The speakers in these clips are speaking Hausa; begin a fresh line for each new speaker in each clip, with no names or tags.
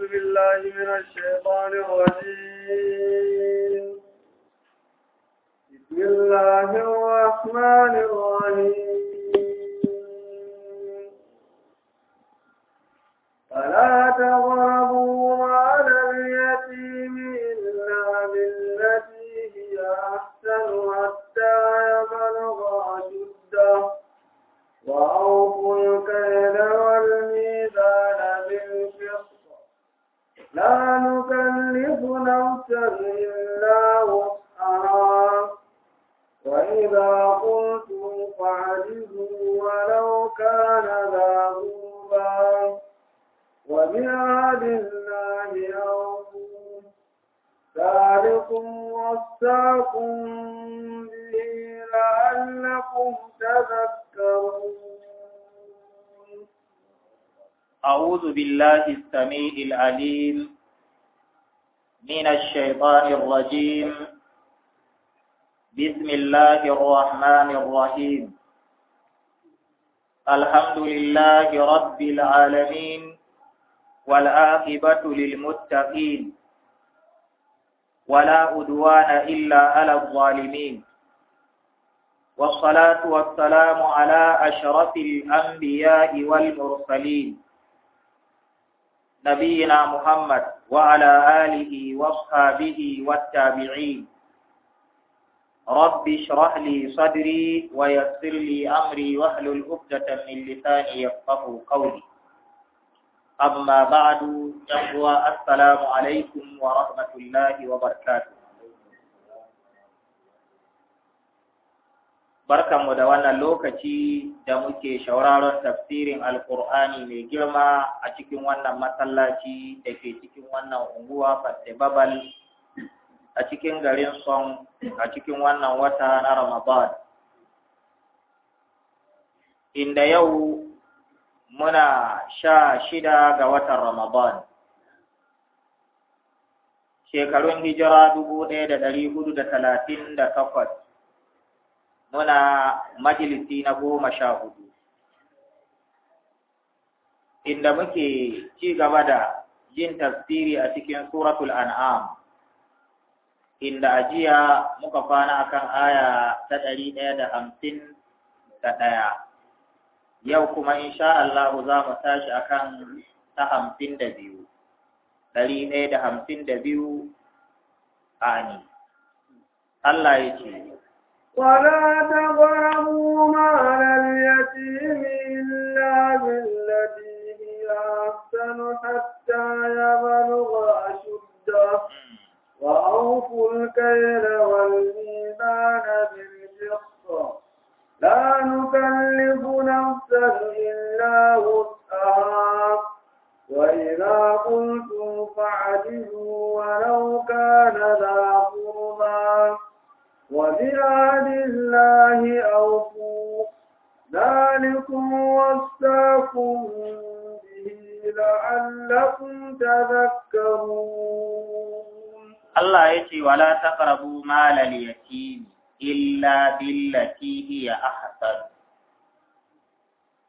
أعوذ بالله من الشيطان الرجيم بسم الله الرحمن الرحيم
فلا
تغربوا على اليتيم إلا بالتي هي أحسن حتى يبلغ أشده وأوفوا الكيل والميزان لا نكلف نفسا إلا وسعها وإذا قلتم فاعجزوا ولو كان ذا قربى وبعهد الله أوفوا ذلكم وصاكم به لعلكم تذكرون
أعوذ بالله السميع العليم من الشيطان الرجيم بسم الله الرحمن الرحيم الحمد لله رب العالمين والعاقبة للمتقين ولا أدوان إلا على الظالمين والصلاة والسلام على أشرف الأنبياء والمرسلين نبينا محمد وعلى آله وصحابه والتابعين رب اشرح لي صدري ويسر لي أمري وحل عقدة من لساني يفقه قولي أما بعد جهوى السلام عليكم ورحمة الله وبركاته barkanmu da wannan lokaci da muke shauraron tafsirin alkur'ani mai girma a cikin wannan masallaci da ke cikin wannan unguwa fatte babal a cikin garin son a cikin wannan wata na ramadan inda yau muna sha shida ga watan ramadan shekarun hijira dubu ɗaya da ɗari hudu da talatin da takwas muna majalisi na goma sha hudu inda muke ci gaba da yin tafsiri a cikin suratul an'am inda ajiya muka fana akan aya ta ɗari ɗaya da hamsin da ɗaya yau kuma insha Allah za mu tashi akan ta hamsin da biyu ɗari ɗaya da hamsin da biyu ani Allah ya ce
ولا تقربوا مال اليتيم إلا بالتي هي أحسن حتى يبلغ أشده وأوفوا الكيل والميزان بالقسط لا نكلف نفسا إلا وسعها وإذا قلتم فاعدلوا ولو كان ذا وبعهد الله أوفوا ذلكم وصاكم به لعلكم تذكرون
الله يتي ولا تقربوا مال اليتيم إلا بالتي هي أحسن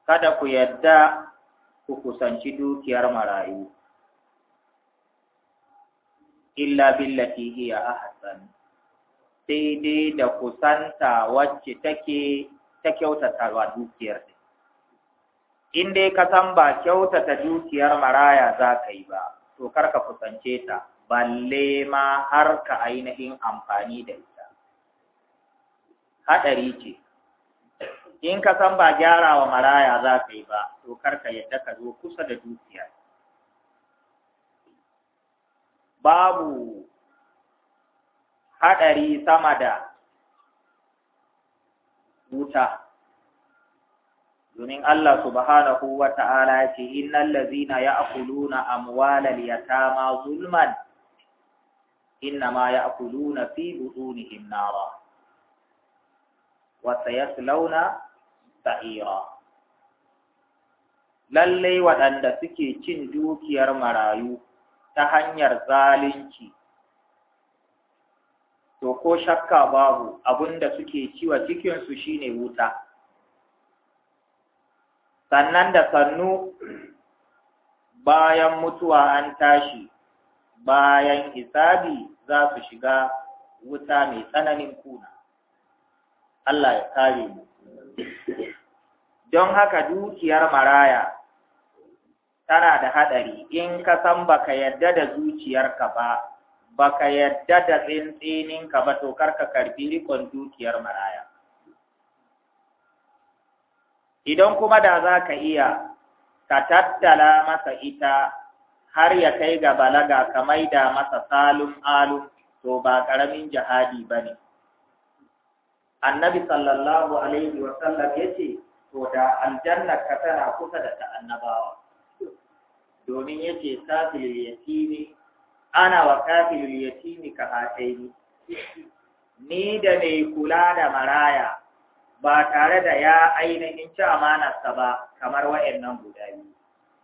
kada ku yadda ku kusanci dukiyar marayu illa billati hiya ahsan sai dai da kusanta wacce take ta kyautata wa dukiyar ta in dai ka san ba kyautata dukiyar maraya za ka yi ba to kar ka kusance ta balle ma har ka ainihin amfani da ita haɗari ce in ka san ba gyarawa maraya za ka yi ba to kar ka yadda ka zo kusa da dukiyar babu haɗari sama da wuta domin Allah subhanahu wa ta'ala ya ce innal ladzina ya'kuluna amwalal yatama zulman innama ya'kuluna fi butunihim nara wa sayaslawna sa'ira lallai waɗanda suke cin dukiyar marayu ta hanyar zalunci to ko shakka babu abinda suke ciwa cikin su shine wuta sannan da sannu bayan mutuwa an tashi bayan hisabi za su shiga wuta mai tsananin kuna Allah ya kare mu don haka dukiyar maraya tana da haɗari in ka san baka yadda da zuciyarka ba baka yadda da tsintsininka ba to ka karbi rikon dukiyar maraya idan kuma da za ka iya ka tattala masa ita har ya kai ga balaga ka maida masa salun alu to ba ƙaramin jihadi ba ne annabi sallallahu alaihi wasallam ya ce to da aljanna ka tana kusa da ta annabawa domin ya ce safil yatimi ana wa kafilul yatimi ka hataini ni da mai kula da maraya ba tare da ya ainihin ci amanarsa ba kamar wa'annan guda biyu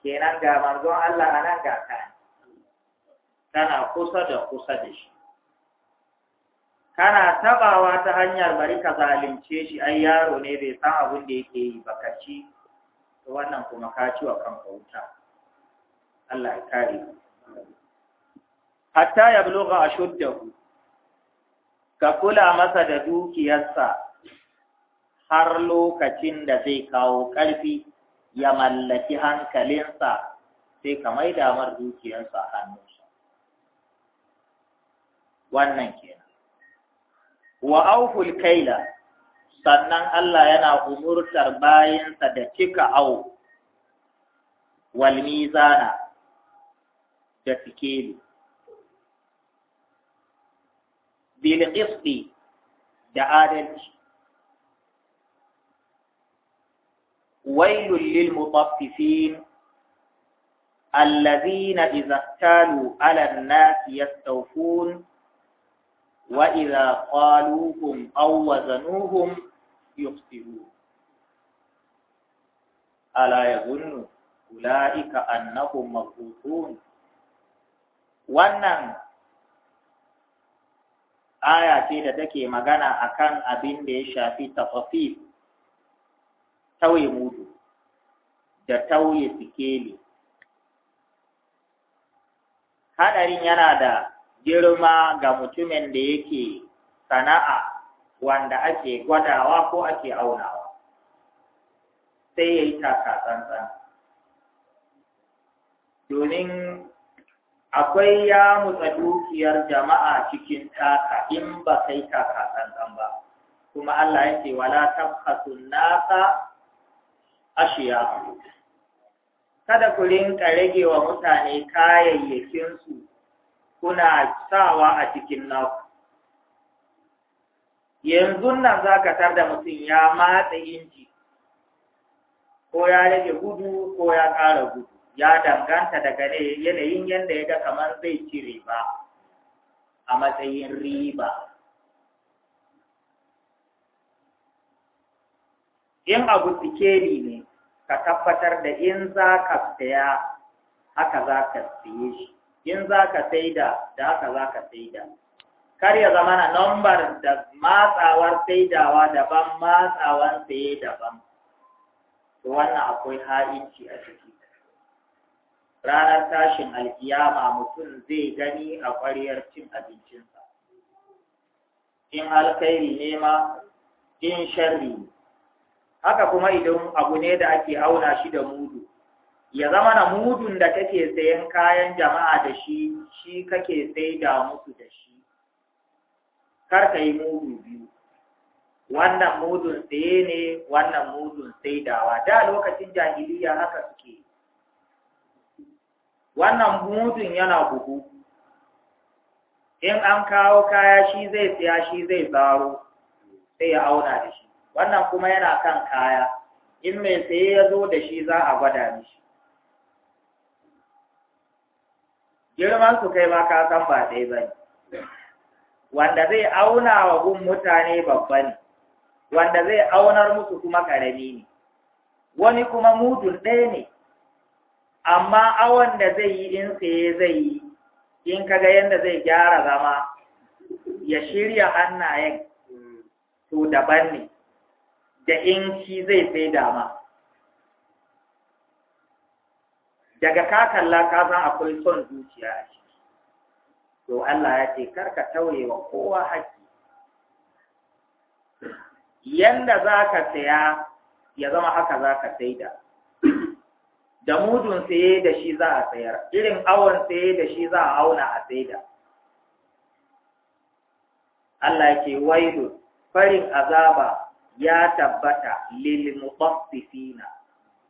kenan ga manzon Allah a nan ga kan tana kusa da kusa da shi kana tabawa ta hanyar bari ka zalunce shi ai yaro ne bai san abin da yake yi ba ka ci wannan kuma ka ci wa kanka wuta Allah ya kare mu hatta ya bloga a shuddahu ka kula masa da dukiyarsa har lokacin da zai kawo ƙarfi ya mallaki hankalinsa sai ka mai damar dukiyarsa a hannunsa wannan kenan wa auful kaila sannan Allah yana umurtar bayansa da cika au wal mizana da sikeli bil qisti da adalci wailul lil mutaffifin allazina idza talu ala an-nasi yastawfun wa idza qaluhum aw wazanuhum yufsirun ala yadhunnu ulaika annahum mab'uthun wannan aya ce da take magana akan abin da ya shafi tafafif tauye mudu da tauye sikeli hadarin yana da girma ga mutumin da yake sana'a wanda ake gwadawa ko ake aunawa sai ya yi taka tsantsan domin akwai ya mutsa dukiyar jama'a cikin taka in ba kai taka tsantsan ba kuma Allah ya ce wala tabkhasu nasa ashiya kada ku rinka rage wa mutane kayayyakin su kuna sawa a cikin naku yanzu nan zaka tar da mutum ya matsa inji ko ya rage gudu ko ya ƙara gudu ya danganta daga ne yanayin yadda ya ga kamar zai ci riba a matsayin riba. In abu sikeli ne, ka tabbatar da in za ka saya haka za ka saye shi, in za ka saida da haka za ka saida. Kar ya zama na nambar da matsawar saidawa daban matsawar saye daban, wannan akwai ha'inci a ciki. ranar tashin alkiyama mutum zai gani a ƙwariyar cin abincinsa in alkhairi ne ma in sharri haka kuma idan abu ne da ake auna shi da mudu ya zama na mudun da kake sayan kayan jama'a da shi shi kake sai da musu da shi kar ka yi mudu biyu wannan mudun saye ne wannan mudun sai dawa da lokacin jahiliya haka suke wannan mudun yana buhu in an kawo kaya shi zai siya shi zai tsaro sai ya auna da shi wannan kuma yana kan kaya in mai saye ya zo da shi za a gwada mishi girman su kai ba ka san ba ɗaya ba ne wanda zai auna wa gun mutane babba ne wanda zai aunar musu kuma ƙarami ne wani kuma mudun ɗaya ne amma awon da zai yi in tsaye zai yi in kaga yadda zai gyara zama ya shirya hannayen to daban ne da in shi zai sai dama daga ka kalla ka san akwai son zuciya a ciki to Allah ya ce karka tauye wa kowa haƙƙi yanda za ka saya ya zama haka za ka sai da da mudun saye da shi za a tsayar irin awon saye da shi za a auna a saida Allah ke wailu farin azaba ya tabbata lil mutaffifina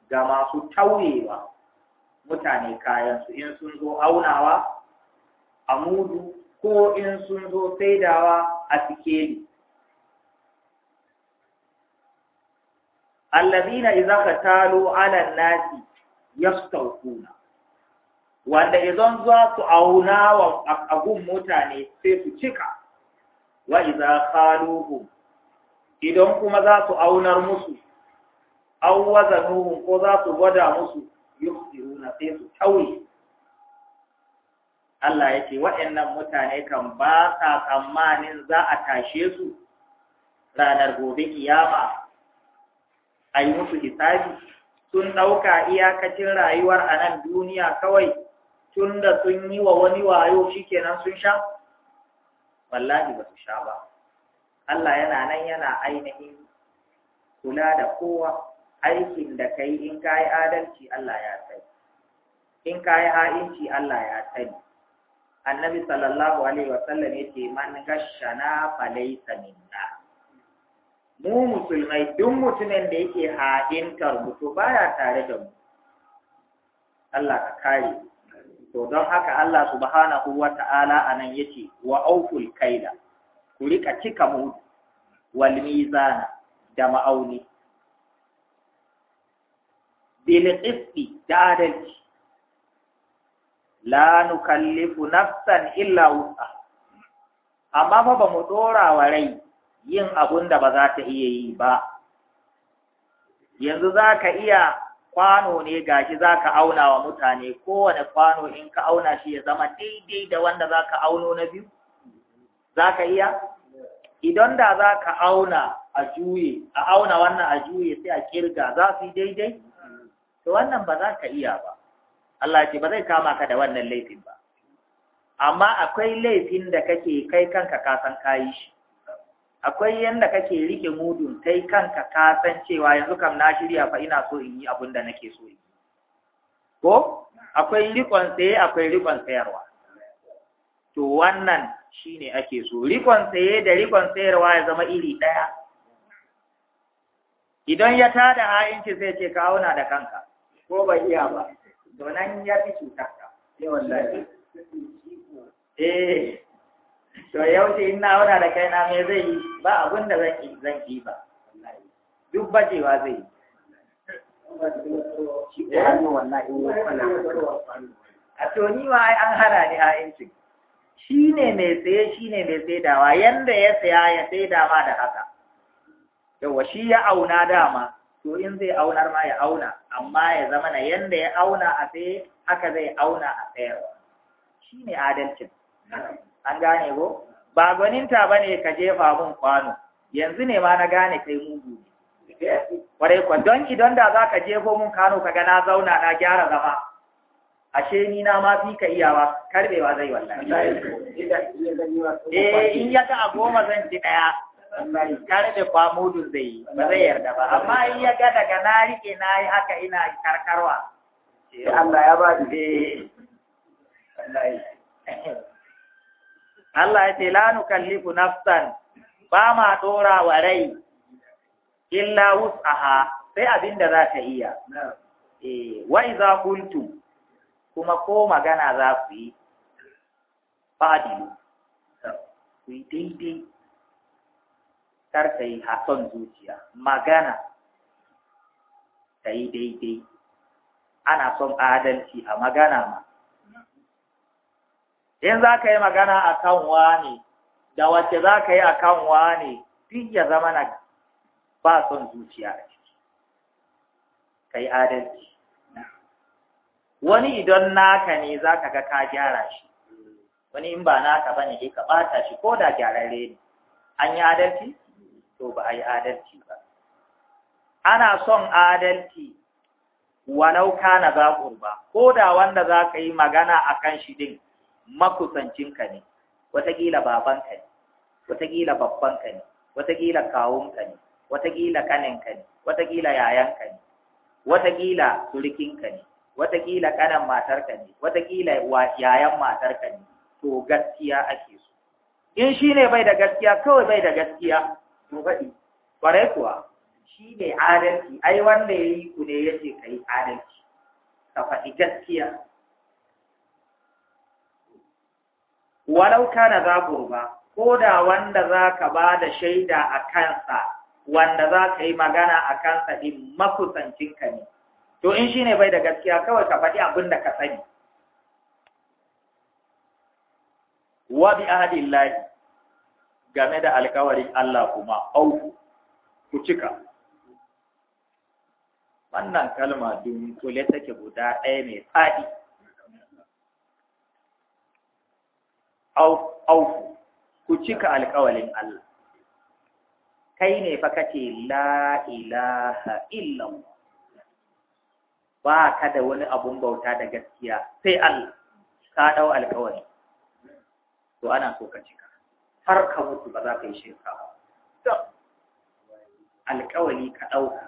ga masu tauyewa mutane kayan su in sun zo aunawa a mudu ko in sun zo saidawa a sikeli allazina idza qatalu ala nasi yastawquna wanda idan za su auna wa agun mutane sai su cika wa idza khaluhum idan kuma za su aunar musu aw wazanuhum ko za su gwada musu yusiruna sai su tauye Allah ya ce waɗannan mutane kan ba sa tsammanin za a tashe su ranar gobe kiyama a yi musu hisabi sun ɗauka iyakacin rayuwar a nan duniya kawai tun da sun yi wa wani wayo shi kenan sun sha? Wallahi ba su sha ba. Allah yana nan yana ainihin kula da kowa aikin da ka yi in ka yi adalci Allah ya sani, in ka yi ha'inci Allah ya sani. Annabi sallallahu Alaihi wasallam ya ce, Man gashana falaisa minna. mu musulmai duk mutumin da yake haɗintar mutu baya tare da mu Allah ka kare to don haka Allah subhanahu wata'ala anan yace wa auful kaila ku rika cika mu wal mizana da ma'auni bil qisti da adalci la nukallifu nafsan illa wusa. amma fa ba mu dora wa rai yin abun da ba za ta iya yi ba yanzu za ka iya kwano ne gashi za ka auna wa mutane kowane kwano in ka auna shi ya zama daidai da wanda za ka auno na biyu za ka iya idan da za ka auna a juye a auna wannan a juye sai a kirga za su yi daidai to wannan ba za ka iya ba Allah ce ba zai kama ka da wannan laifin ba amma akwai laifin da kake kai kanka ka san kayi shi akwai yanda kake rike mudun kai kanka ka san cewa yanzu kam na shirya fa ina so in yi abin da nake so yi ko akwai rikon tsaye akwai rikon tsayarwa to wannan shine ake so rikon tsaye da rikon tsayarwa ya zama iri ɗaya idan ya tada ha'inci zai ce ka auna da kanka ko ba iya ba donan ya fi cutar ka yawan eh to yaushe in na wana da kaina me zai yi ba abin da zan zan yi ba duk bajewa zai yi a to ni ma ai an hana ni yanci shi ne mai tsaye shi ne mai dawa yanda ya saya ya tsaye dama da haka yawa shi ya auna dama to in zai aunar ma ya auna amma ya zama na yanda ya auna a tsaye haka zai auna a tsayarwa shi ne adalcin an gane ko ba gwaninta ba ne ka jefa mun kwano yanzu ne ma na gane kai mugu kwarai kwa don idan da za ka jefo mun kano ka na zauna na gyara zama ashe ni na ma fi ka iyawa karbewa zai wallahi eh in ya ta a goma zan ci daya karbe kwa mudu zai yi ba zai yarda ba amma in ya ga daga na rike na yi haka ina karkarwa Allah ya ba ni eh. Allah ya ce la nukallifu nafsan ba ma dora wa rai illa wus'aha sai abinda da za ta iya eh wa idza qultum kuma ko magana za ku yi fadilu ku yi daidai kar ka yi hason zuciya magana ta yi daidai ana son adalci a magana ma in za ka yi magana a kan wani da wace za ka yi a kan wani duk ya zama na ba son zuciya a ciki ka yi adalci wani idan naka ne za ka ga ka gyara shi wani in ba naka ba ne dai ka ɓata shi ko da gyararre ne an yi adalci to ba a yi adalci ba ana son adalci walau na zaƙur ba, ko da wanda za ka yi magana a kan shi din makusancinka ne watakila babanka ne watakila babbanka ne watakila kawunka ne watakila ƙaninka ne watakila yayanka ne watakila surikinka ne watakila ƙanan matarka ne watakila yayan matarka ne to gaskiya ake so in shi ne bai da gaskiya kawai bai da gaskiya to faɗi ƙwarai kuwa shi ne adalci ai wanda ya yi ku ne ya ce ka yi adalci ka faɗi gaskiya walau kana za gurba ko da wanda za ka ba da shaida a kansa wanda za ka yi magana a kansa ɗin makusancinka ne to in shi ne bai da gaskiya kawai ka faɗi abin da ka sani wa bi ahadillahi game da alkawarin Allah kuma auku ku cika wannan kalma dunkule take guda ɗaya mai tsadi aufu ku cika alƙawalin Allah kai ne fa kace la ilaha illallah ba ka da wani abun bauta da gaskiya sai Allah ka dau alƙawari to ana so ka cika har ka mutu ba za ka yi shirka ba alƙawari ka ɗauka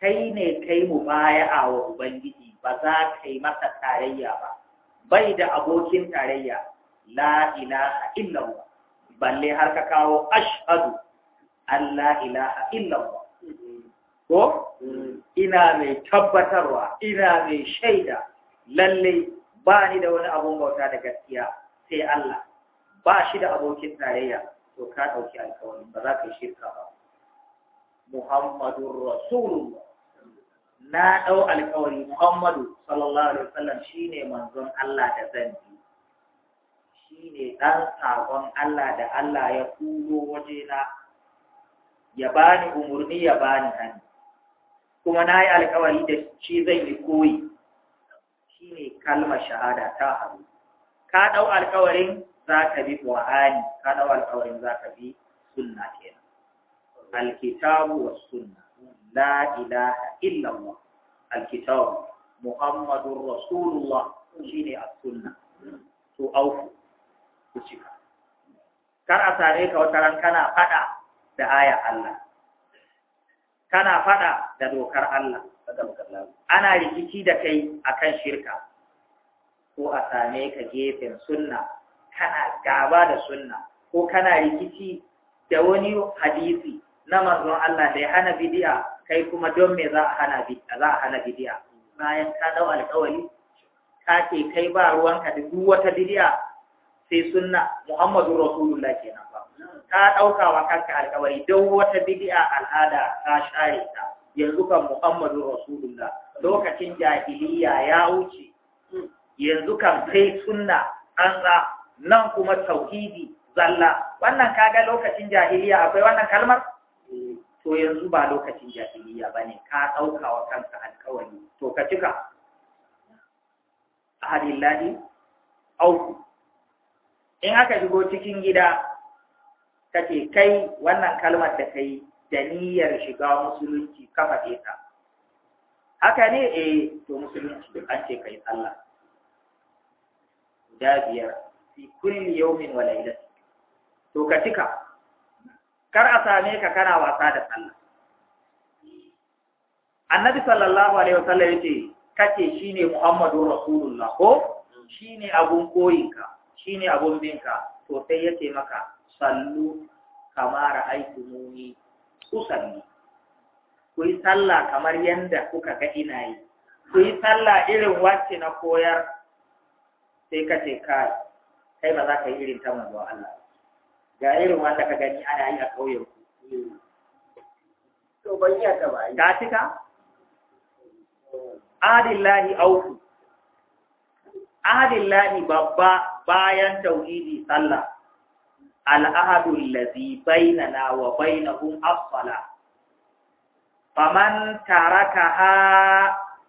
kai ne kai mu baya a wa Ubangiji ba za ka yi masa tarayya ba, bai da abokin tarayya la ilaha illallah balle har ka kawo ashhadu Allah ilaha illallah ko ina mai tabbatarwa ina mai shaida lalle ba ni da wani abun bauta da gaskiya sai Allah ba shi da abokin tarayya to ka dauki alƙawari ba za ka yi shirka ba Muhammadun Rasulullah na ɗau alkawari Muhammadu sallallahu alaihi wasallam shine manzon Allah da zan bi shine ɗan sakon Allah da Allah ya kuro wajena ya bani umarni ya bani hannu kuma na yi alkawari da shi zan yi koyi shine kalmar shahada ta haru ka ɗau alkawarin za ka bi ƙur'ani ka ɗau alkawarin za ka bi sunna kenan alkitabu wa sunna la ilaha illallah alkitab muhammadur rasulullah shine as-sunna to auku ku cika kar a sare ka wata ran kana fada da aya Allah kana fada da dokar Allah ana rikici da kai akan shirka ko a same ka gefen sunna kana gaba da sunna ko kana rikici da wani hadisi na manzon Allah da ya hana bid'a kai kuma don me za a hana bi za a hana bidiya? bayan ka dau alƙawari ka ce kai ba ruwanka da duk wata bidiya sai sunna Muhammadu Rasulullah kenan ba ka dauka wa kanka alƙawari don wata bidiya al'ada ka share ta yanzu kan Muhammadu Rasulullah lokacin jahiliya ya wuce yanzu kan kai sunna an nan kuma tauhidi zalla wannan kaga lokacin jahiliya akwai wannan kalmar to yanzu ba lokacin jahiliya ba ne ka ɗauka wa kanka alkawari to ka cika halillahi auku in aka shigo cikin gida ce kai wannan kalmar da kai da niyyar shiga musulunci ka faɗe ta haka ne eh to musulunci duk an ce kai sallah guda biyar fi kulli yawmin wa laylatin to ka cika kar a same ka kana wasa da sallah annabi sallallahu alaihi wasallam yace kace shine muhammadu rasulullah ko shine abun koyinka shine abun binka to sai yace maka sallu kama ku sallu ku yi sallah kamar yanda kuka ga ina yi ku yi sallah irin wacce na koyar sai kace kai kai ba za ka yi irin ta manzo Allah ga irin wanda ka gani ana yi a ƙauyen ku to ban yi ta ba ta cika adillahi auku adillahi babba bayan tauhidi sallah al'ahadu allazi bainana wa bainahum as-salah faman tarakaha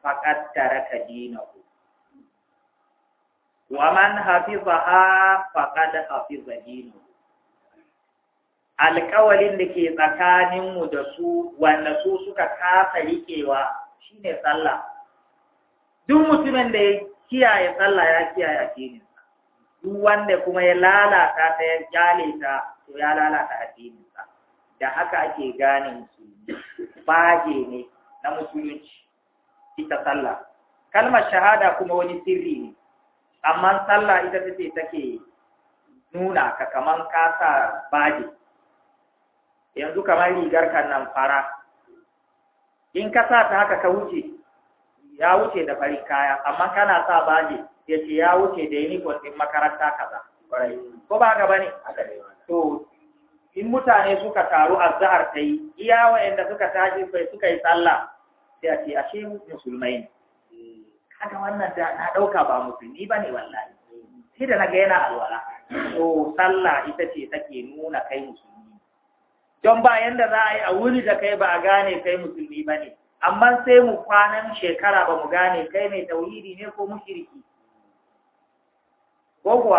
faqad taraka dinahu wa man hafizaha faqad hafiza dinahu alƙawalin da ke tsakaninmu da su wanda su suka kasa riƙewa shine sallah duk mutumin da ya kiyaye sallah ya kiyaye addinin duk wanda kuma ya lalata ta ya jale ta to ya lalata addinin da haka ake ganin su baje ne na musulunci ita sallah kalmar shahada kuma wani sirri ne amma sallah ita take take nuna ka kasa kasa baje yanzu kamar rigar kan nan fara in ka sa ta haka ka wuce ya wuce da farin kaya amma kana sa baje ya ce ya wuce da ko din makaranta kaza ko ba ga bane to in mutane suka taru azhar ta yi iya wa'anda suka tashi sai suka yi sallah sai a ce ashe musulmai ne hmm. kaga wannan da na dauka ba musulmi bane wallahi hmm. sai da naga yana alwala to sallah ita ce take nuna kai musulmi don ba yanda za a yi a wuri da kai ba a gane kai musulmi ba ne amma sai mu kwanan shekara ba mu gane kai mai tauhidi ne ko mushiriki. ko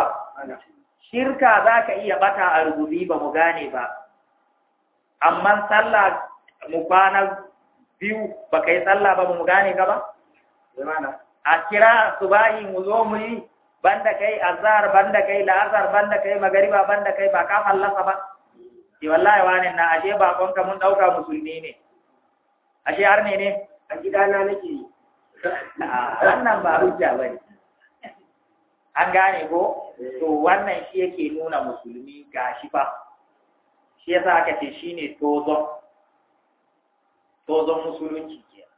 shirka za ka iya bata a rububi ba mu gane ba amma sallah mu kwana biyu ba ka yi sallah ba mu gane ka ba a kira subahi mu zo mu yi banda kai azhar banda kai la'azhar banda kai magariba banda kai ba ka fallasa ba ce wallahi wani na ashe ka mun ɗauka musulmi ne ashe har ne ne a gidana nake yi ah, wannan ba hujja ba ne an gane ko eh. to wannan shi yake nuna musulmi ga shi ba shi yasa aka ce shi ne tozon tozon musulunci ke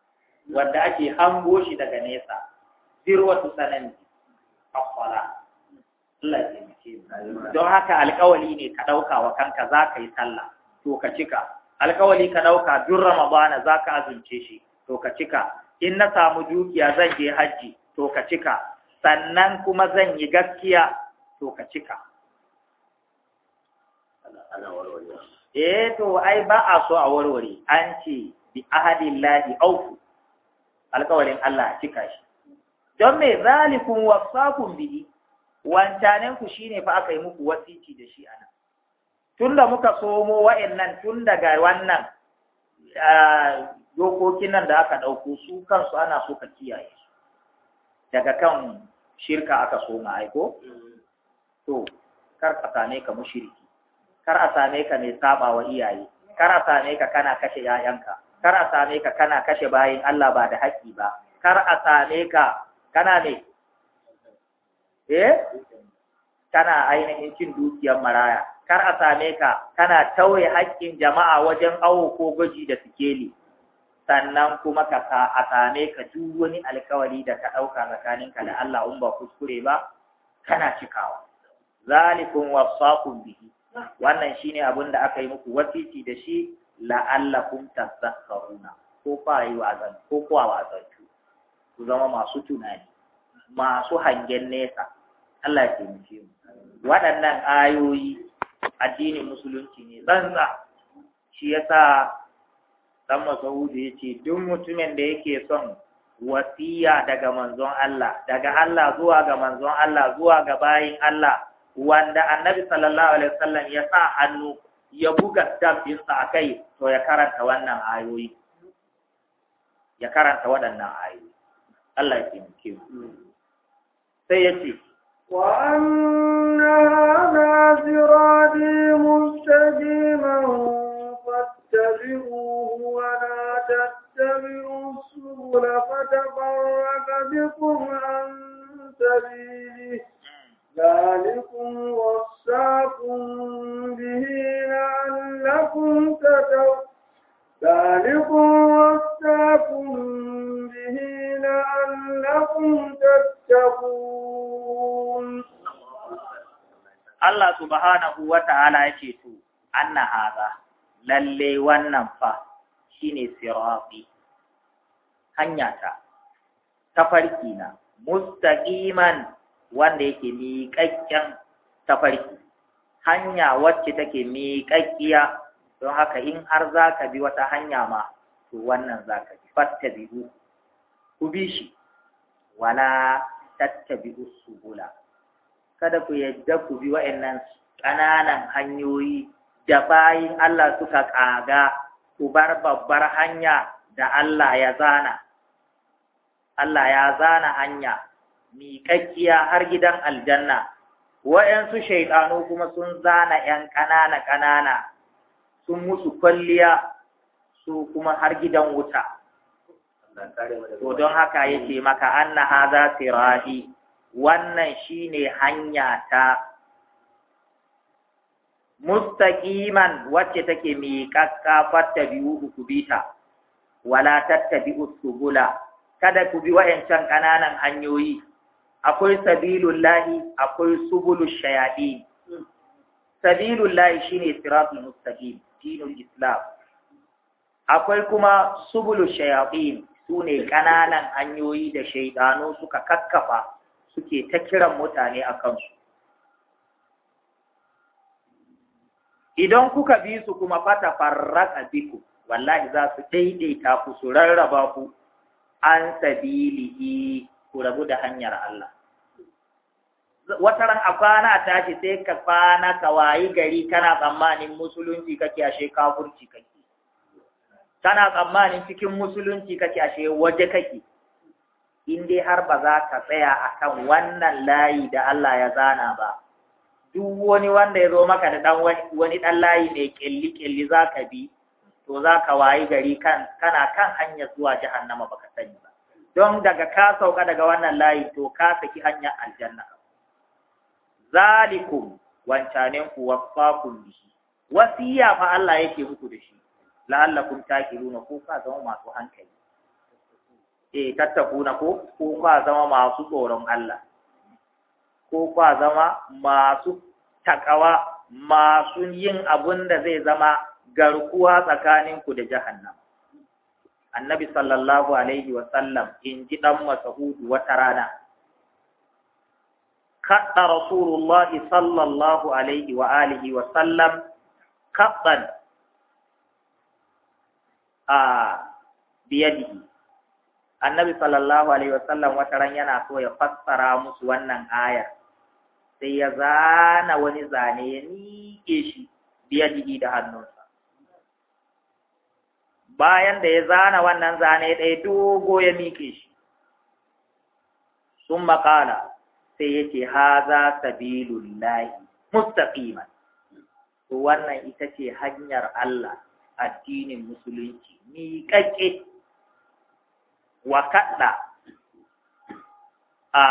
wanda ake hango shi daga nesa zirwatu sanani akwara Allah don haka alƙawali ne ka ɗauka wa kanka za ka yi sallah to ka cika alƙawali ka ɗauka duk ramadana za ka azumce shi to ka cika in na samu dukiya zan je hajji to ka cika sannan kuma zan yi gaskiya to ka cika eh to ai ba a so a warware an ce bi ahadillahi auku Alƙawalin Allah cika shi don me zalikun wasafun bihi wancanen ku shine fa aka yi muku wasiti da shi ana tunda muka somo wa'annan tun daga wannan dokokin nan da aka ɗauko su kansu ana so ka kiyaye su daga kan shirka aka soma aiko to kar a same ka mushriki kar a same ka mai saba wa iyaye kar a same ka kana kashe yayanka kar a same ka kana kashe bayin Allah ba da haƙƙi ba kar a same ka kana ne eh kana ainihin cin dukiyar maraya kar a same ka kana tauye haƙƙin jama'a wajen awo ko gwaji da sikeli sannan kuma ka a same ka duk wani alkawari da ka ɗauka tsakaninka da Allah in ba kuskure ba kana cikawa zalikum wasaqum bihi wannan shine abin da aka yi muku wasiti da shi la'allakum tazakkaruna ko fa yi wazan ko kuwa wazan ku zama masu tunani masu hangen nesa Allah ya taimake mu waɗannan ayoyi addinin musulunci ne banza shi yasa dan Masaudu ya ce duk mutumin da yake son wasiya daga manzon Allah daga Allah zuwa ga manzon Allah zuwa ga bayin Allah wanda annabi sallallahu alaihi wasallam ya sa hannu ya buga dabbin a kai to ya karanta wannan ayoyi ya karanta waɗannan ayoyi Allah ya taimake mu sai yace
وأن هذا صراطي مستقيما فاتبعوه ولا تتبعوا السبل فتفرق بكم عن سبيله ذلكم وصاكم به لعلكم تتقون ذلكم وصاكم به لعلكم تتقون
Allah subhanahu wa ta'ala ya ce to, anna haza, lalle wannan fa shi ne sirafi, hanyata, tafarkina, mustaƙiman wanda yake miƙaƙƙen tafarki, hanya wacce take miƙaƙƙiya don haka in har za ka bi wata hanya ma to wannan za ka bi fatta biyu ku bi shi wala tatta su bula. kada ku yadda ku bi wa'annan ƙananan hanyoyi da bayin Allah suka ƙaga ku bar babbar hanya da Allah ya zana Allah ya zana hanya miƙaƙƙiya har gidan aljanna wa'yansu shaiɗanu kuma sun zana ‘yan ƙanana-ƙanana sun musu kwalliya su kuma har gidan wuta to don haka yake maka anna hadha sirati wannan shine hanya ta mustaqiman wacce take miƙaƙƙa biyu ku bita wala tattabi'u subula kada ku bi wayancan ƙananan hanyoyi akwai sabilullahi akwai subulu shayaɗi sabilullahi shine siratul mustaqim dinul islam akwai kuma subulu shayatin su ne ƙananan hanyoyi da shaiɗano suka kakkafa suke ta kiran mutane a kansu idan kuka bi su kuma fata farraka biku wallahi za su daidaita ku su rarraba ku an sabilihi ku rabu da hanyar Allah wata ran a kwana a tashi sai ka kwana ka wayi gari kana tsammanin musulunci kake ashe kafurci kake kana tsammanin cikin musulunci kake ashe waje kake in dai har ba za ka tsaya akan wannan layi da Allah ya zana ba duk wani wanda ya zo maka da dan wani dan layi mai kelli kelli za ka bi to za ka wayi gari kan kana kan hanyar zuwa jahannama baka sani ba don daga ka sauka daga wannan layi to ka saki hanyar aljanna zalikum wancanen ku wasfakum bihi wasiya fa Allah yake muku da shi la'allakum takiluna ko ka zama masu hankali eh tattakuna ko ko ka zama masu tsoron Allah ko ka zama masu takawa masu yin abun da zai zama garkuwa tsakaninku da jahannam annabi sallallahu alaihi wa sallam in ji dan masahudu wata rana kaɗa rasulullahi sallallahu alaihi wa alihi wa sallam kaɗan a biyadihi annabi sallallahu alaihi wa sallam wata ran yana so ya fassara musu wannan ayar sai ya zana wani zane ya miƙe shi biyadihi da hannunsa bayan da ya zana wannan zane ɗaya dogo ya miƙe shi sun maƙala sai yace haza sabilullahi mustaqiman to wannan ita ce hanyar Allah addinin musulunci miƙaƙe wa kaɗa a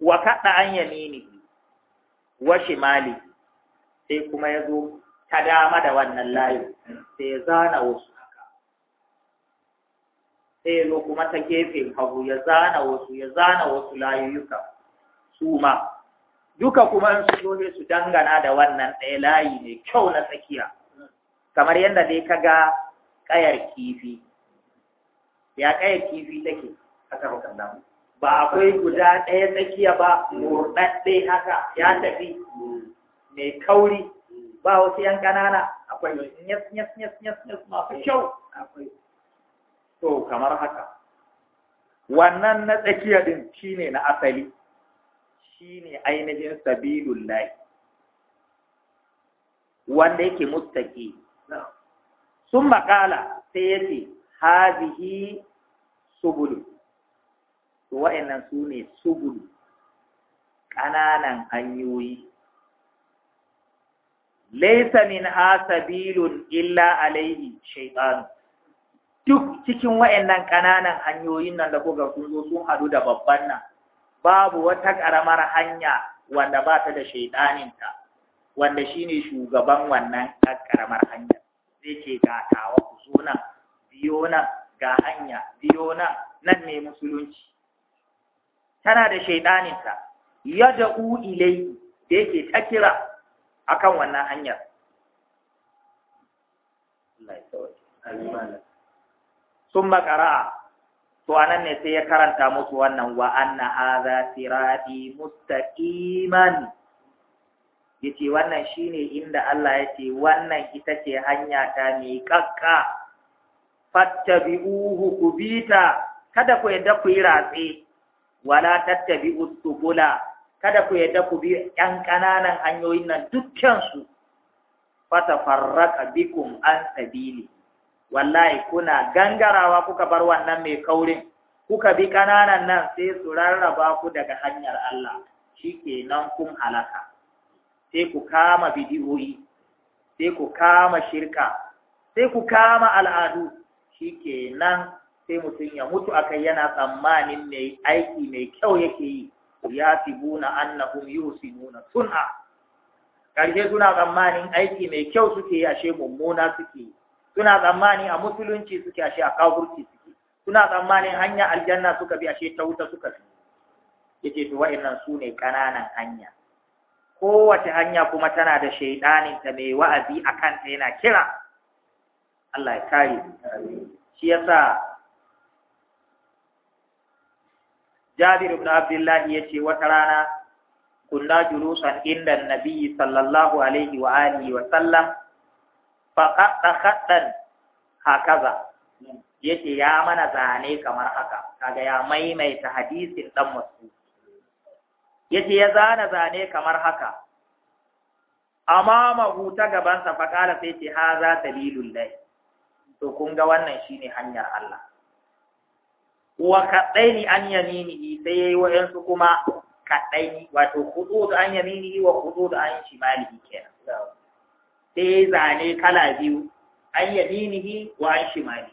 wa kaɗa an yamini wa shimali sai kuma ya zo ta dama da wannan layi sai ya zana wasu sai ya zo kuma ta gefe hagu ya zana wasu ya zana wasu layuka su ma duka kuma in su zohe su dangana da wannan ɗaya layi mai kyau na tsakiya kamar yadda dai ka ga ƙayar kifi ya ƙayar kifi take haka ba akwai guda ɗaya tsakiya ba murɗaɗɗe haka ya tafi mai kauri ba wasu yan ƙanana akwai yas yas yas yas masu kyau akwai to kamar haka wannan na tsakiya din shine na asali shine ainihin sabilullahi wanda yake mustaqi sun makala sai yace hazihi subulu to wa'annan su ne subulu ƙananan hanyoyi laisa min ha sabilun illa alaihi shaytanu duk cikin wayannan ƙananan hanyoyin nan da kuka sun zo sun hadu da babban nan babu wata ƙaramar hanya wanda ba ta da shaiɗaninta wanda shine shugaban wannan ƙaramar hanya zai ce ga tawa ku zo nan biyo nan ga hanya biyo nan nan ne musulunci tana da shaiɗaninta u ilai da yake ta kira akan wannan hanyar Allah ya sun makara to anan ne sai ya karanta musu wannan wa anna hadha sirati mustaqiman yace wannan shine inda Allah yace wannan ita ce hanya ta mi kakka fattabi'uhu kubita kada ku yadda ku yi wala tattabi'u subula kada ku yadda ku bi yan kananan hanyoyin nan dukkan su fatafarraqa bikum an sabili wallahi kuna gangarawa kuka bar wannan mai kaurin kuka bi kananan nan sai su rarraba ku daga hanyar Allah shikenan kun halaka sai ku kama bidiyoyi sai ku kama shirka sai ku kama al'adu shikenan sai mutum ya mutu a kai yana tsammanin mai aiki mai kyau yake yi ya tibuna annahum nuna. sun'a karshe suna tsammanin aiki mai kyau suke yi ashe mummuna suke yi suna tsammani a musulunci suke ashe a kafurci suke suna tsammanin hanya aljanna suka bi ashe ta wuta suka bi yace to wa'annan su ne kananan hanya kowace hanya kuma tana da shaidanin ta mai wa'azi akan ta yana kira Allah ya kare shi yasa Jabir ibn Abdullah yace wata rana kunna julusan inda Nabi sallallahu alaihi wa alihi wa sallam faƙaɗa haɗan hakaza yake ya mana zane kamar haka kaga ya maimaita hadisin ɗan musu yake ya zana zane kamar haka amma ta gabansa faƙala sai ce ha za ta lilullai to kun ga wannan shine hanyar Allah wa ni an yamini sai ya yi wa'yansu kuma ni? wato hudu da an yamini wa hudu da an shimali kenan sai ya zane kala biyu an yaminihi wa an shimali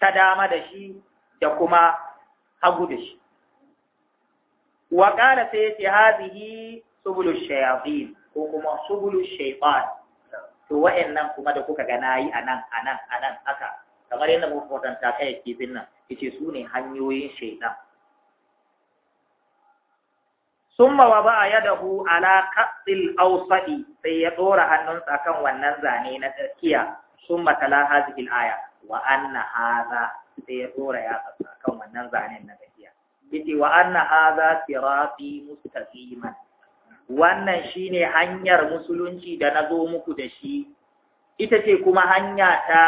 ta dama da shi da kuma hagu da shi wa qala sai ya ce hadhihi subulu shayatin ko kuma subulu shaifan to nan kuma da kuka ga a nan a nan haka kamar yadda muka kwatanta kai kifin nan ce su ne hanyoyin shaidan. summa wa ba yadahu ala qatil awsadi sai ya dora hannunsa akan wannan zane na tsakiya summa tala hadhihi al-aya wa anna hadha sai ya dora ya tsaka akan wannan zanen na tsakiya yace wa anna hadha sirati mustaqiman wannan shine hanyar musulunci da na zo muku da shi ita ce kuma hanya ta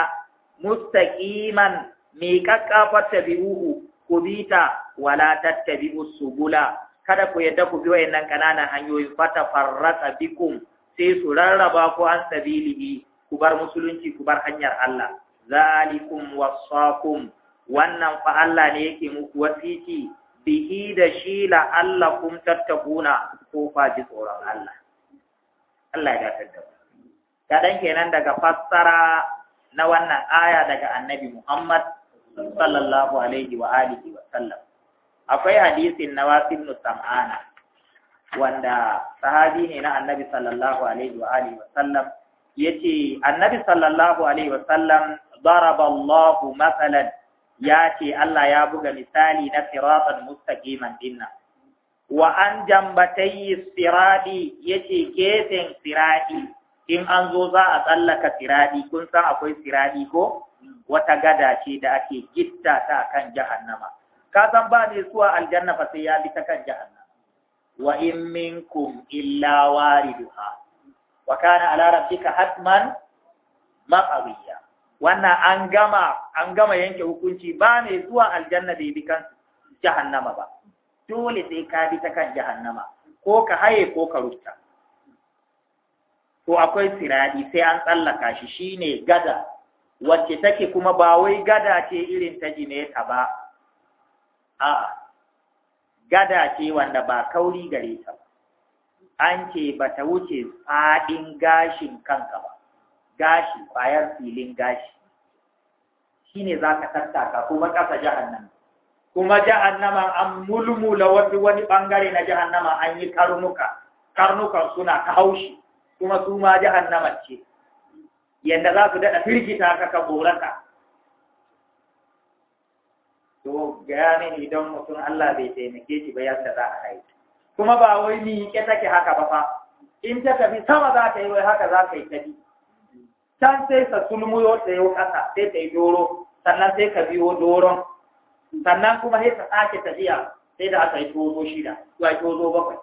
mustaqiman mai kakkafa tabi'uhu kubita wala tattabi'us subula kada ku yadda ku bi wayannan kananan hanyoyi fata farrata bikum sai su rarraba ku an sabilihi ku bar musulunci ku bar hanyar Allah zalikum wasakum wannan fa Allah ne yake muku wasiti bihi da shi la'allakum tattaquna ko fa ji tsoron Allah Allah ya gafarta kadan kenan daga fassara na wannan aya daga annabi Muhammad sallallahu alaihi wa alihi wa sallam akwai hadisin na wasin sam'ana wanda sahabi ne na annabi sallallahu alaihi wa alihi wa sallam yace annabi sallallahu alaihi wa sallam daraba Allahu masalan ya ce Allah ya buga misali na siratan mustaqiman dinna wa an jambatai siradi yace gefen siradi in an zo za a tsallaka siradi kun san akwai siradi ko mm. wata gada ce da ake gitta ta kan jahannama ka san ba ne zuwa aljanna fa sai ya bi ta kan jahannam wa in minkum illa wariduha wa kana ala rabbika hatman maqawiya wannan an gama an gama yanke hukunci ba ne zuwa aljanna bai bi kan jahannama ba dole sai ka bi ta kan jahannama ko ka haye ko ka rubuta to akwai siradi sai an tsallaka shi shine gada wacce take kuma ba wai gada ce irin ta jineta ba A'a, gada ce wanda ba kauri gare ta ba an ce ba ta wuce faɗin gashin kanka ba gashi ƙwayar filin gashi shine za ka tattaka kuma kasa jahannama kuma jahannama an mulmula wani bangare na jahannama an yi karnuka karnukan suna ta haushi kuma su ma jahannama ce yadda za su daɗa firgita ka ka goraka to gaya ne idan mutum Allah bai taimake shi ba yadda za a haihu kuma ba wai ni ke take haka ba fa in ta tafi sama za ta yi wai haka za ka yi tafi can sai ka sulmuyo ta yi ƙasa sai ta yi doro sannan sai ka biyo doron sannan kuma sai ka sake tafiya sai da aka yi tozo shida ko a tozo bakwai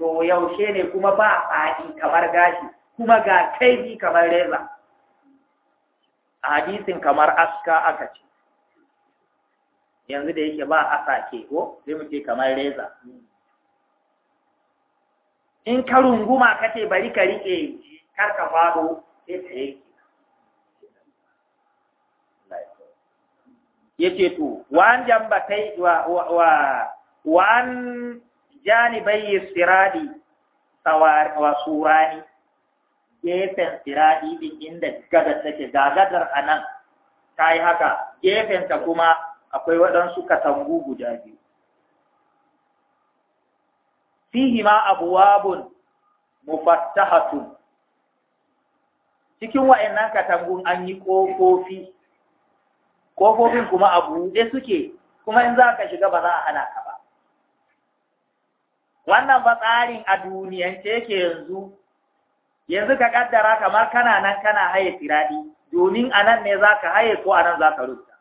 to yaushe ne kuma ba faɗi kamar gashi kuma ga kai kaifi kamar reza a hadisin kamar aska aka ce yanzu da yake ba sake ko sai mu ce kamar reza in ka runguma kace bari ka rike kar ka faɗo sai ka ya yace to wa'an an jambatai wa wa'an wa an siradi ta wa surani gefen siradi din inda gadar take gagadar ta yi haka gefen ta kuma akwai waɗansu katangu guda biyu fihima abuwabun mufattahatun cikin nan katangun an yi ƙofofi ƙofofin kuma a buɗe suke kuma in za ka shiga ba za a hana ka ba wannan ba tsarin a duniyance yake yanzu yanzu ka ƙaddara kamar kana nan kana haye firaɗi, domin a nan ne za ka haye ko a nan za ka rubuta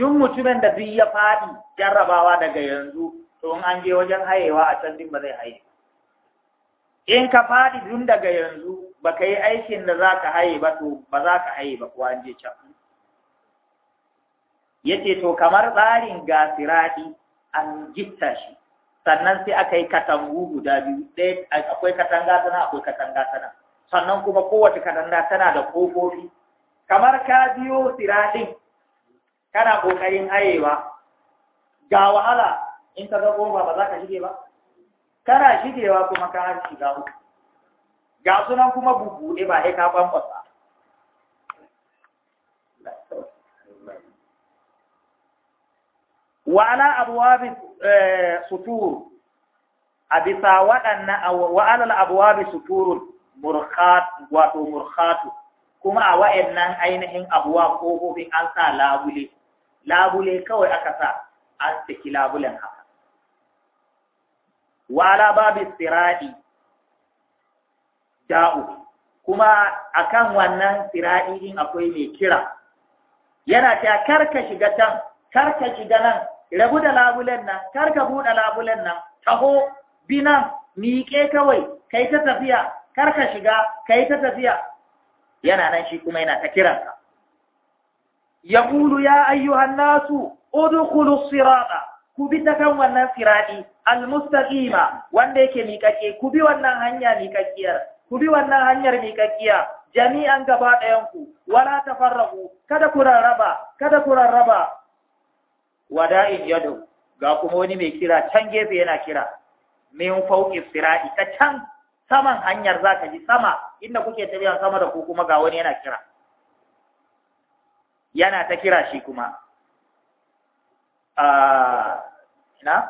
duk mutumin da duk ya faɗi jarrabawa daga yanzu to in an je wajen hayewa a can din ba zai haye in ka faɗi duk daga yanzu ba ka yi aikin da za ka haye ba to ba za ka haye ba ko an je can yace to kamar tsarin gasiradi an gitta shi sannan sai aka yi katangu guda biyu ɗaya akwai katanga tana akwai katanga tana sannan kuma kowace katanga tana da ƙofofi kamar ka biyo siraɗin kana kokarin ayewa? ga wahala in ka ga goma ba za ka shige ba kana shigewa kuma ka har shiga uku ga sunan kuma bubuɗe ba sai ka bambasa wa ala abwab eh, sutur a bisa waɗannan wa ala abwab sutur murkhat wato murkhatu kuma a wa'annan ainihin abuwa kofofin an sa labule labule kawai aka sa a saki labulen haka wala babu siradi da'u kuma akan wannan siradi din akwai mai kira yana ta karka shiga can karka shiga nan rabu da labulen nan karka buɗe labulen nan taho binan miƙe kawai kai ta tafiya karka shiga kai ta tafiya yana nan shi kuma yana ta kiranka yaqulu ya ayyuhan nasu udkhulu sirata ku ta kan wannan sirati almustaqima wanda yake miƙaƙe ku bi wannan hanya miƙaƙiyar ku bi wannan hanyar miƙaƙiya jami'an gaba ɗayan ku wala tafarrahu kada ku rarraba kada ku rarraba wada'in yadu ga kuma wani mai kira can gefe yana kira min fauqi sirati ta can saman hanyar zaka ji sama inda kuke tafiya sama da ku kuma ga wani yana kira yana ta kira shi kuma ah, ina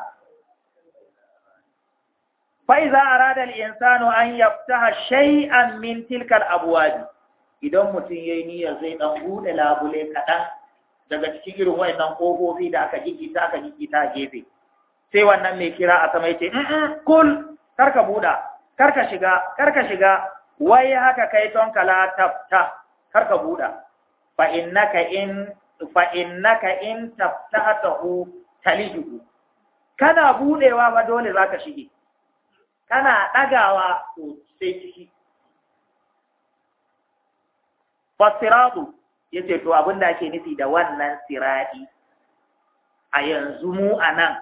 fa'iza a radar insano an yaftaha shay'an min tilkal abuwaji idan mutum ya yi niyyar zai ɗan buɗe labule kaɗan daga cikin irin wayannan ƙofofi da aka gigita aka gigita gefe sai wannan mai kira a sama yace kul karka buɗa karka shiga karka shiga wai haka kai tonka la tafta karka buɗa fa innaka in fa innaka in taftahatahu talijuhu kana budewa ba dole zaka shige kana dagawa to sai kishi fasiratu yace to abin da ake nufi da wannan siradi a yanzu mu anan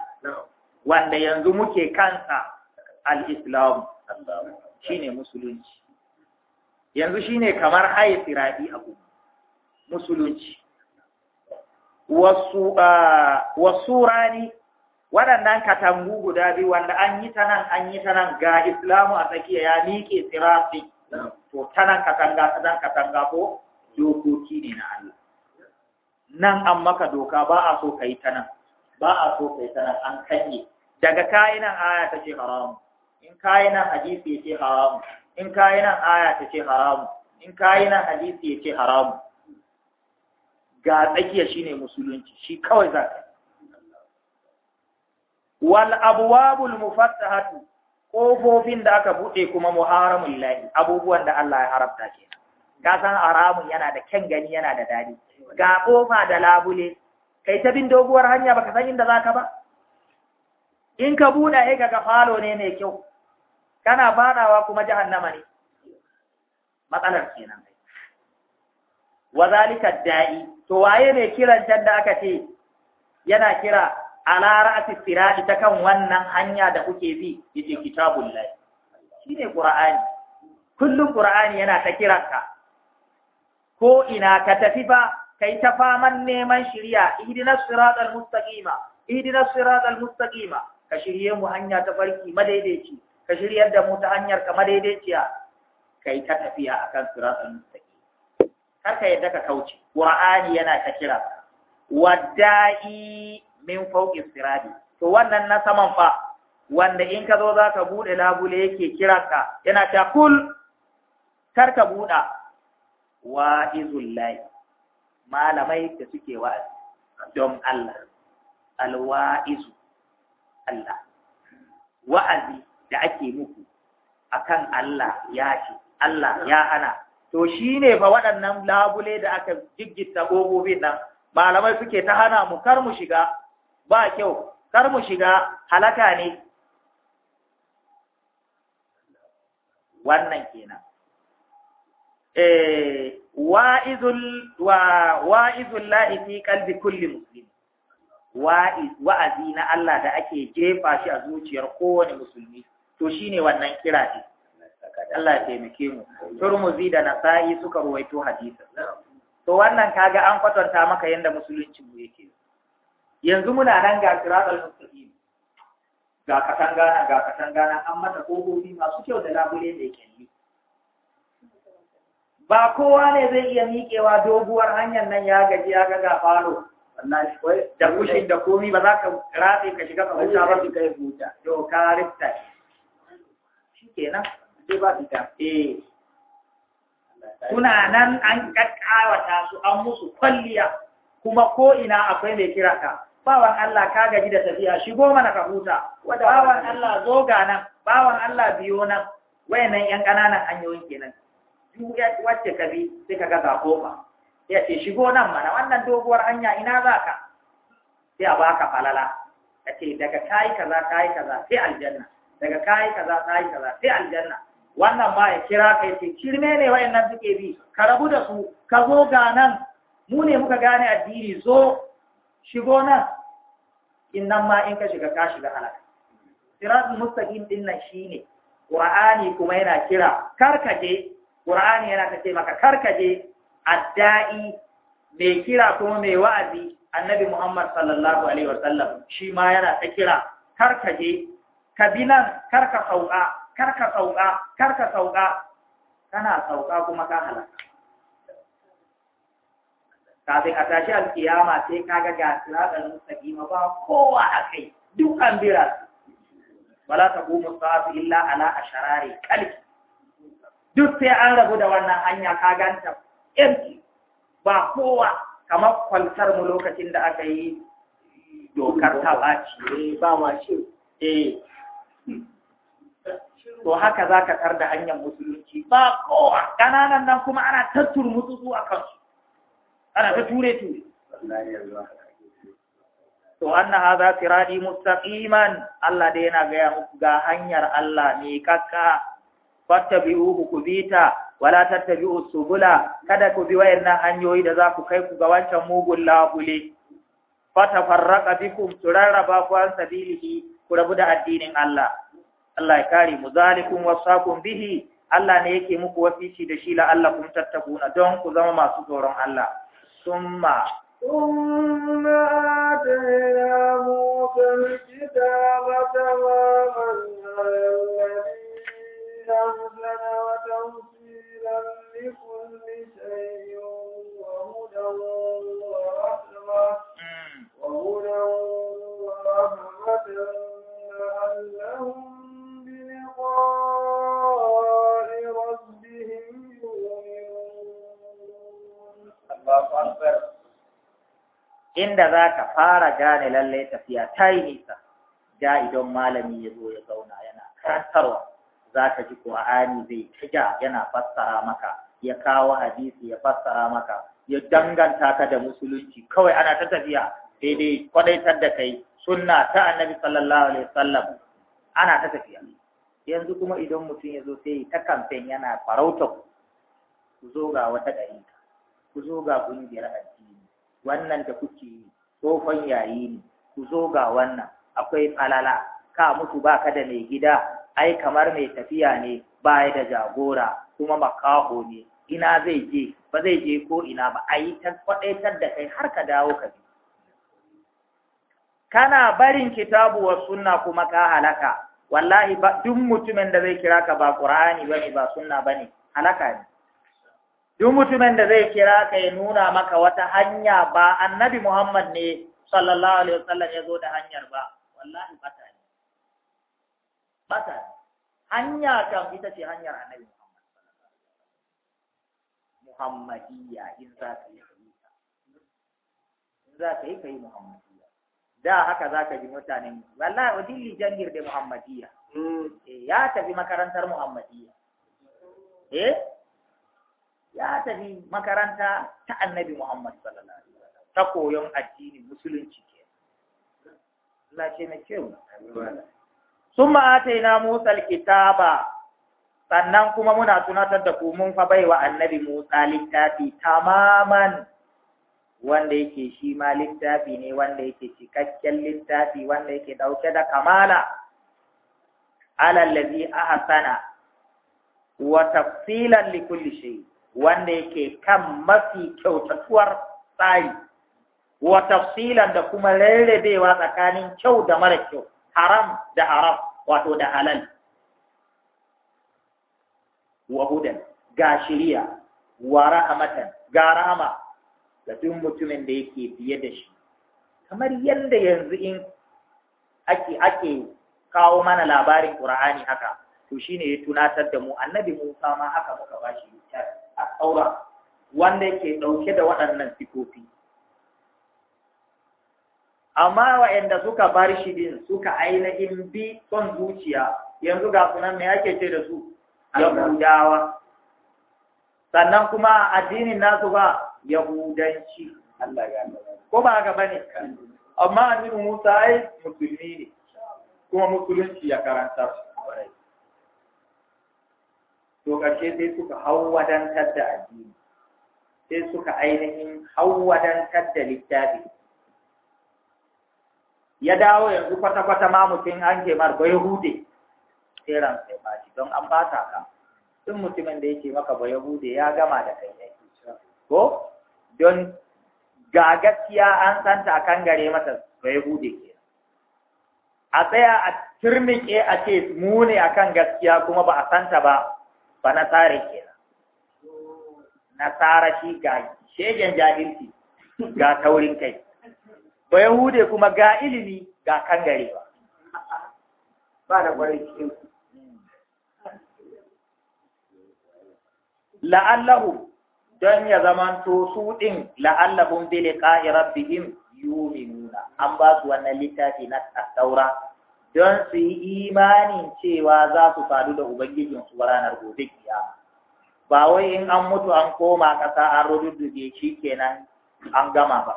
wanda yanzu muke kansa al-islam shine musulunci yanzu shine kamar haye siradi abu musulunci wasu rani waɗannan katangu guda biyu wanda an yi ta nan an yi ta nan ga islamu a tsakiya ya miƙe sirafi to ta nan katanga ta nan katanga ko dokoki ne na Allah nan an maka doka ba a so ka yi ta nan ba a so ka yi ta nan an kanye daga kayi nan aya ta ce haramu in kayi nan hadisi ya ce haramu in kayi nan aya ta ce haramu in kayi nan hadisi ya ce haramu ga tsakiya shine musulunci shi kawai za ka wal abwabul mufattahatu kofofin da aka buɗe kuma muharamul lahi abubuwan da Allah ya harabta kenan ka san haramun yana da kyan gani yana da dadi ga kofa da labule kai ta bin doguwar hanya baka san inda za ka ba in ka buɗe ai ga falo ne mai kyau kana fadawa kuma jahannama ne matsalar kenan wa zalika da'i to waye mai kiran can da aka ce yana kira ala ra'ati sirati ta kan wannan hanya da kuke bi yace kitabullahi shine qur'ani kullum qur'ani yana ta kiranka ko ina ka tafi fa kai ta faman neman shiriya ihdinas siratal mustaqima ihdinas siratal mustaqima ka shirye mu hanya ta farki madaidaici ka shiryar da mu ta hanyar ka madaidaiciya kai ta tafiya akan siratal mustaqima karka yadda ka kauce qur'ani yana ta kira wada'i min fawqi siradi to wannan na saman fa wanda in ka zo zaka ka buɗe labule yake kiranka yana ta kul kar ka buɗa wa'izullahi malamai da suke wa'azi don Allah alwa'izu Allah wa'azi da ake muku akan Allah ya ce Allah ya ana. to shi ne fa waɗannan labule da aka jiggita ƙofofin nan malamai suke ta hana mu kar mu shiga ba kyau kar mu shiga halaka ne wannan kenan eh wa'izul wa fi kalbi kulli muslim wa'azi na Allah da ake jefa shi a zuciyar kowane musulmi to shine wannan kira Allah ya taimake mu turmuzi da nasa'i suka ruwaito hadisin to wannan kaga an kwatanta maka yanda musulunci mu yake yanzu muna nan ga siratul mustaqim ga katanga ga katanga nan an mata kogobi masu kyau da labule mai kyalli ba kowa ne zai iya miƙewa doguwar hanyar nan ya gaji ya ga ga falo da kushi da komi ba za ka ratse ka shiga ka huta ba to ka rifta shi kenan ba su tafe. suna nan an kakkawata su an musu kwalliya kuma ko ina akwai mai kira ka bawan Allah ka gaji da tafiya shigo mana ka huta bawan Allah zo ga nan bawan Allah biyo nan nan yan ƙananan hanyoyin kenan duk wacce ka bi sai ka gaza ga koma ya ce shigo nan mana wannan doguwar hanya ina za ka sai a baka falala ka ce daga kayi kaza kayi kaza sai aljanna daga kayi kaza kayi kaza sai aljanna wannan ma ya kira ka yace kirme ne wayannan suke bi ka rabu da su ka zo ga nan mu ne muka gane addini zo shigo nan nan ma in ka shiga ka shiga halaka siratul mustaqim din nan shine qur'ani kuma yana kira karkaje qur'ani yana ce maka karkaje adda'i mai kira kuma mai wa'azi annabi Muhammad sallallahu alaihi wasallam shi ma yana ta kira karkaje ka bi nan ka sauka kar ka sauka kar ka sauka kana sauka kuma ka halaka kafin a tashi alkiyama sai ka ga siratal mustaqima ba kowa akai duk an bira wala taqumu sa'atu illa ala asharari qalbi duk sai an rabu da wannan hanya ka ganta empty ba kowa kamar kwaltar mu lokacin da aka yi dokar ta eh, ba ba ma shi eh to haka za ka tsar da hanyar musulunci ba kowa ƙananan nan kuma ana ta turmutsu a kansu ana ta ture ture to anna hadha sirati mustaqiman Allah da yana gaya muku ga hanyar Allah ne kakka fattabi'uhu kubita wala tattabi'u subula kada ku bi wayannan hanyoyi da za ku kai ku ga wancan mugun labule fatafarraqa bikum turarraba ku an sabilihi ku rabu da addinin Allah Allah ya kare mu zalikum wasaqum bihi Allah ne yake muku wasici da shi la'allakum tattakuna don ku zama masu tsoron Allah summa
ثم آتينا موسى الكتاب تماما على الذي أهزن وتوصيلا لكل شيء وهدى
inda za ka fara gane lallai tafiya ta yi nisa ja idan malami ya zo ya zauna yana karantarwa za ka ji ƙwa'ani zai ta yana fassara maka ya kawo hadisi ya fassara maka ya danganta ka da musulunci kawai ana ta tafiya daidai kwadaitar da kai sunna ta annabi sallallahu alaihi wasallam ana ta tafiya yanzu kuma idan mutum ya zo sai ta kamfen yana farauta ku zo ga wata ɗari ku zo ga ƙungiyar addini wannan da kuke yi tsofon yayi ne ku zo ga wannan akwai falala ka mutu ba ka da mai gida ai kamar mai tafiya ne ba da jagora kuma makaho ne ina zai je ba zai je ko ina ba a yi kwaɗaitar da kai har ka dawo ka bi kana barin kitabu wa sunna kuma ka halaka wallahi ba duk mutumin da zai kira ka ba qur'ani bane ba sunna bane halaka ne duk mutumin da zai kira ka ya nuna maka wata hanya ba annabi Muhammad ne sallallahu alaihi wasallam ya zo da hanyar ba wallahi ta ne ta hanya kam ita ce hanyar annabi Muhammad Muhammadiyya in za ka yi in za ka yi kai Muhammad da haka za ka ji mutanen wallahi wadilli jangir da muhammadiyya hmm. eh, ya tafi makarantar muhammadiyya eh ya tafi makaranta ta annabi muhammad sallallahu alaihi wasallam ta koyon addini musulunci ke Allah ce na kyau summa ataina musa kitaba. sannan kuma muna tunatar da ku mun fa baiwa annabi musa littafi tamaman wanda yake shi ma littafi ne wanda yake cikakken littafi wanda yake dauke da kamala alallazi ahsana wa tafsilan li kulli shay wanda yake kan mafi kyautatuwar tsari wa tafsilan da kuma rarrabewa tsakanin kyau da mara kyau haram da haram wato da halal wa hudan ga shari'a wa rahmatan ga rahama ga duk mutumin da yake biye da shi kamar yadda yanzu in ake ake kawo mana labarin Qur'ani haka to shine ya tunatar da mu annabi Musa ma haka muka bashi a tsaura wanda yake dauke da waɗannan sifofi amma waɗanda suka bar shi din suka ainihin bi son zuciya yanzu ga sunan me yake ce da su yahudawa sannan kuma addinin nasu ba yahudanci Allah ya ko ba ga bane amma annabi Musa ai musulmi ne kuma musulunci ya karanta to ƙarshe sai suka hawwadantar da addini sai suka ainihin hawwadantar da littafi ya dawo yanzu kwata-kwata ma mutum an ke mar ba yahude sai ran sai ba shi don an ba ta ka duk mutumin da yake maka ba yahude ya gama da kai ne ko don ga gaskiya an santa a kan gare mata bai hude ke a tsaya a turmike a ce mu ne a kan gaskiya kuma ba a santa ba ba na tsare ke na shi ga shegen jahilci ga taurin kai ba yahude kuma ga ilimi ga kan gare ba ba da kwarai cikin la'allahu don ya zamanto su ɗin la'allahum bi liqa'i rabbihim yu'minuna an ba su wannan littafi na taura don su yi imanin cewa za su faru da ubangijin su ranar gobe kiyama ba wai in an mutu an koma ƙasa an rududdube shi kenan an gama ba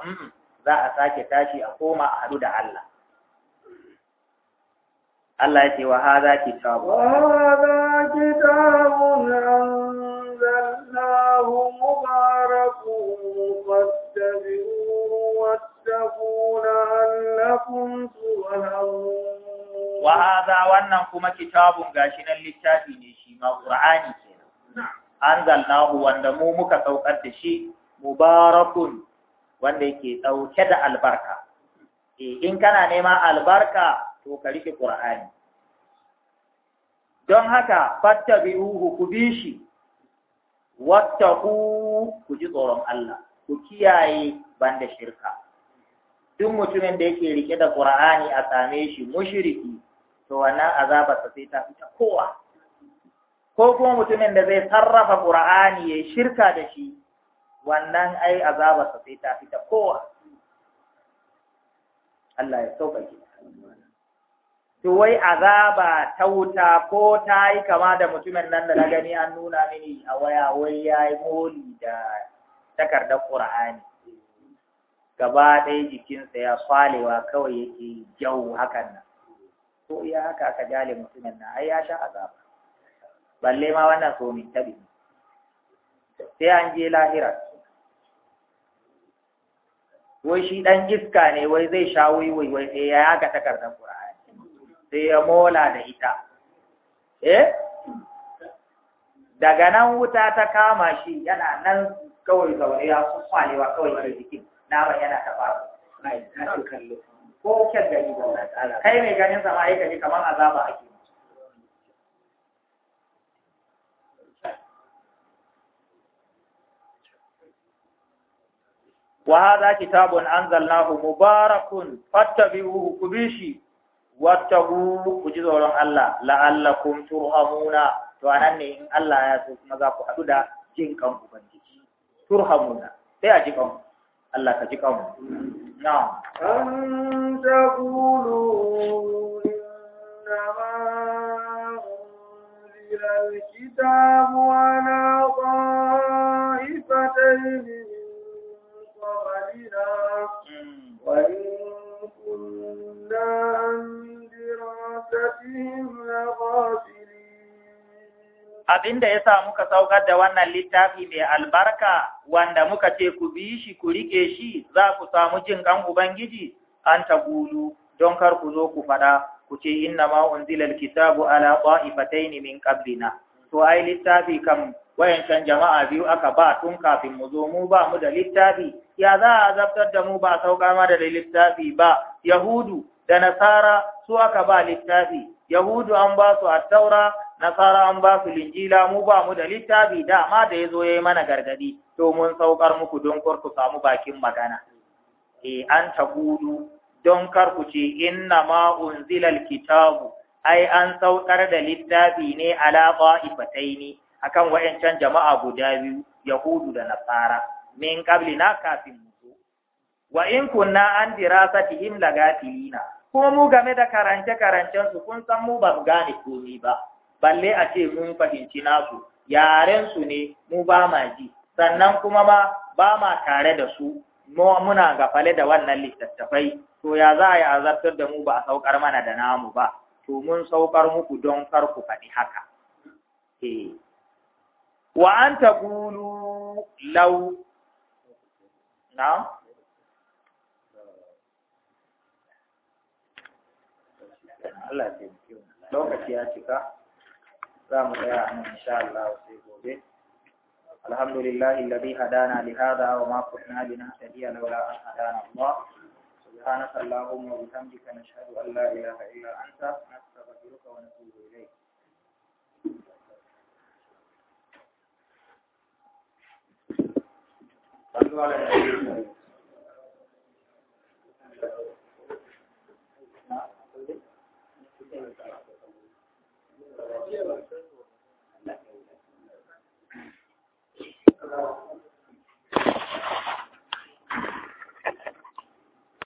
za a sake tashi a koma a haɗu da Allah Allah ya ce wa wa hadha
kitabun أنزلناه مبارك فاتبعوه واتقوا لعلكم ترهمون
وهذا wannan kuma kitabun gashi nan littafi ne shi ma Qur'ani kenan anzalnahu wanda mu muka saukar da shi mubarakun wanda yake dauke da albarka eh in kana neman albarka to ka riƙe Qur'ani don haka fattabi'uhu ku bi shi wattaku ku ji tsoron Allah ku kiyaye banda shirka duk mutumin da yake rike da Qur'ani a same shi mushriki to wannan azaba sa sai ta fita kowa ko kuma mutumin da zai sarrafa Qur'ani ya shirka da shi wannan ai azaba sa sai ta fita kowa Allah ya sauƙaƙe to wai azaba ta wuta ko ta yi kama da mutumin nan da na gani an nuna mini a waya wai ya yi moli da takardar ƙur'ani gaba ɗaya jikinsa ya falewa kawai yake jau hakan nan ko iya haka aka jale mutumin nan ai ya sha azaba balle ma wannan so min tabi sai an je lahira wai shi dan iska ne wai zai sha waiwai wai sai ya yaga takardar ƙur'ani. sai ya mola da ita eh daga nan wuta ta kama shi yana nan kawai zaune ya sun kwalewa kawai ke jikin ba yana ta faru na shi kallo ko kyan gani ba kai mai ganin sama ai kaji kamar azaba ake وهذا كتاب أنزلناه مبارك فاتبعوه كبيشي wattahu ku ji tsoron Allah la'allakum turhamuna to anan ne in Allah ya so kuma za ku haɗu da jin kan ubangiji turhamuna sai a ji kan Allah ka ji kan na'am
an taqulu innama unzila alkitabu ala qa'ifatayn min qablina hmm. wa in
Abinda ya sa muka saukar da wannan littafi mai albarka wanda muka ce ku bi shi ku riƙe shi za ku samu jin kan Ubangiji an ta gulu don kar ku zo ku faɗa, ku ce inna ma unzila alkitabu ala qa'ifataini min qablina to ai littafi kam wayancan jama'a biyu aka ba tun kafin mu zo mu ba mu da littafi ya za a zabtar da mu ba saukar da littafi ba yahudu da nasara su aka ba littafi yahudu an ba su attaura nasara an ba su linjila mu ba mu da littafi dama da ya zo ya yi mana gargadi to mun saukar muku don kar ku samu bakin magana e an taqulu don kar ku ce inna ma unzila alkitabu ai an saukar da littafi ne ala qa'ifataini akan wayancan jama'a guda biyu yahudu da nasara min qablina kafin mu wa in kunna an dirasatihim lagatilina ko mu game da karance karancen su kun san mu ba mu gane komai ba balle a ce mun fahimci nasu yaren su ne mu ba ma ji sannan kuma ma ba ma tare da su muna gafale da wannan littattafai to ya za a yi azabtar da mu ba a saukar mana da namu ba to mun saukar muku don kar ku faɗi haka eh. wa an taqulu law na
Allah ya taimake mu lokaci ya
cika za mu insha Allah sai gobe الحمد لله الذي هدانا لهذا وما كنا لنهتدي لولا أن هدانا الله سبحانك اللهم وبحمدك نشهد أن لا إله إلا أنت نستغفرك ونتوب
إليك
Thank you.